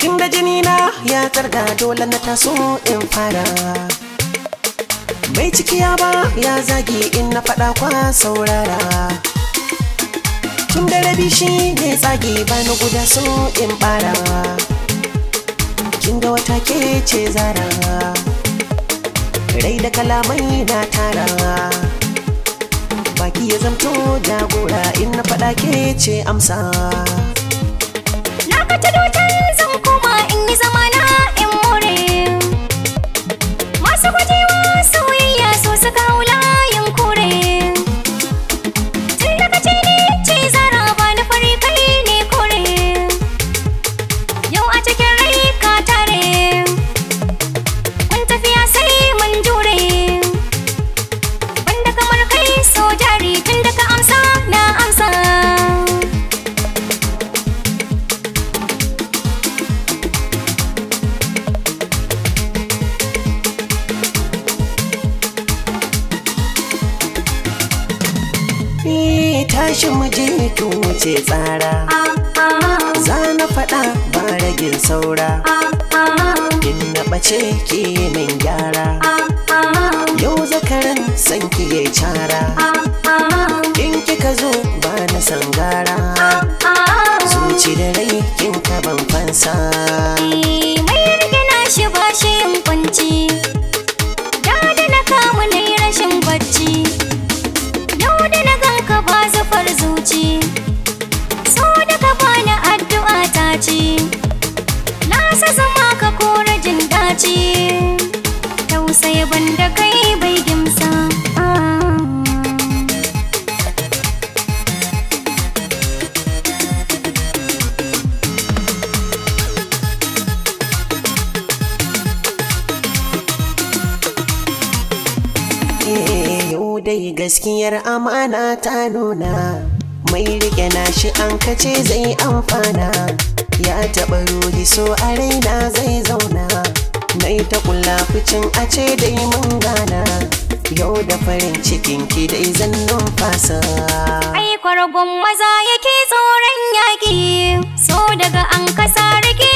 tun da jini na ya tsarga dole na taso in fara mai cikiya ba ya zagi in na faɗa kwa saurara tun da rabi shi ne tsage ba na guda so in ɓara, kin da wata ke ce zara rai da kalamai na tara Allah ke ce amsa. Na fita dotar zan koma in yi zama tashi muje tu wuce tsara za na faɗa ba ragin saura in na ɓace ki min gyara yau zakaran san kiye cara in kika zo ba na sangara zuci da rai kin ka ban fansa mai shi ba shi yin kwanci zuci banda kai bai gimsa eh, dai gaskiyar amana ta nuna mai rike na shi an kace zai amfana ya taɓa rohi so a raina zai zauna nai ta kula ficin a ce dai mun gana yau da farin cikin ki dai zan numfasa ai kwargon maza yake tsoron yaki so daga an kasa rike